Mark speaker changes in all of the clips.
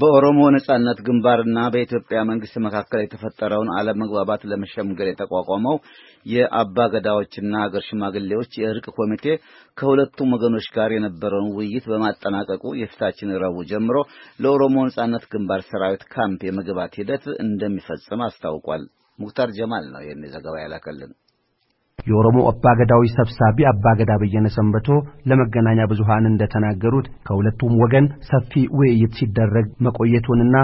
Speaker 1: በኦሮሞ ነጻነት ግንባርና በኢትዮጵያ መንግስት መካከል የተፈጠረውን አለመግባባት ለመሸምገል የተቋቋመው የአባ ገዳዎችና አገር ሽማግሌዎች የእርቅ ኮሚቴ ከሁለቱም ወገኖች ጋር የነበረውን ውይይት በማጠናቀቁ የፊታችን ረቡዕ ጀምሮ ለኦሮሞ ነጻነት ግንባር ሰራዊት ካምፕ የመግባት ሂደት እንደሚፈጽም አስታውቋል። ሙክታር ጀማል ነው ይህን ዘገባ ያላከልን።
Speaker 2: የኦሮሞ አባገዳዊ ሰብሳቢ አባገዳ በየነ ሰንበቶ ለመገናኛ ብዙሃን እንደተናገሩት ከሁለቱም ወገን ሰፊ ውይይት ሲደረግ መቆየቱንና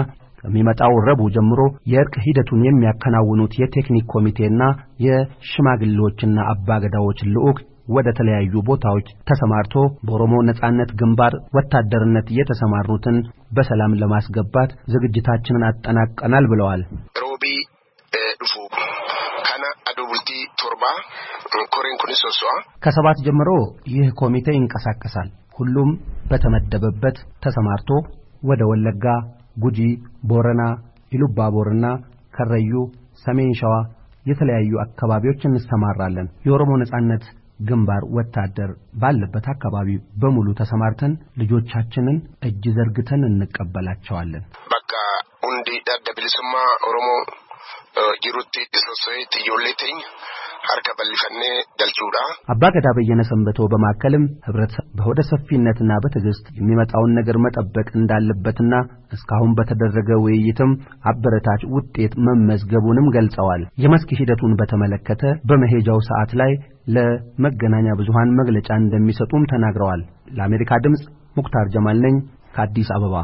Speaker 2: ከሚመጣው ረቡዕ ጀምሮ የእርቅ ሂደቱን የሚያከናውኑት የቴክኒክ ኮሚቴና የሽማግሌዎችና አባገዳዎች ልዑክ ወደ ተለያዩ ቦታዎች ተሰማርቶ በኦሮሞ ነጻነት ግንባር ወታደርነት የተሰማሩትን በሰላም ለማስገባት ዝግጅታችንን አጠናቀናል ብለዋል። ከሰባት ጀምሮ ይህ ኮሚቴ ይንቀሳቀሳል። ሁሉም በተመደበበት ተሰማርቶ ወደ ወለጋ፣ ጉጂ፣ ቦረና፣ ኢሉባቦርና ከረዩ፣ ሰሜን ሸዋ የተለያዩ አካባቢዎች እንሰማራለን። የኦሮሞ ነጻነት ግንባር ወታደር ባለበት አካባቢ በሙሉ ተሰማርተን ልጆቻችንን እጅ ዘርግተን እንቀበላቸዋለን። በቃ ሁንዲ ዳደ ብልስማ ኦሮሞ jirutti isa soseetti ijoolleetiin harka bal'ifannee galchuudha። አባ ገዳ በየነ ሰንበተው በማከልም ህብረተሰብ በሆደ ሰፊነትና በትዕግስት የሚመጣውን ነገር መጠበቅ እንዳለበትና እስካሁን በተደረገ ውይይትም አበረታች ውጤት መመዝገቡንም ገልጸዋል። የመስክ ሂደቱን በተመለከተ በመሄጃው ሰዓት ላይ ለመገናኛ ብዙሃን መግለጫ እንደሚሰጡም ተናግረዋል። ለአሜሪካ ድምፅ ሙክታር ጀማል ነኝ ከአዲስ አበባ።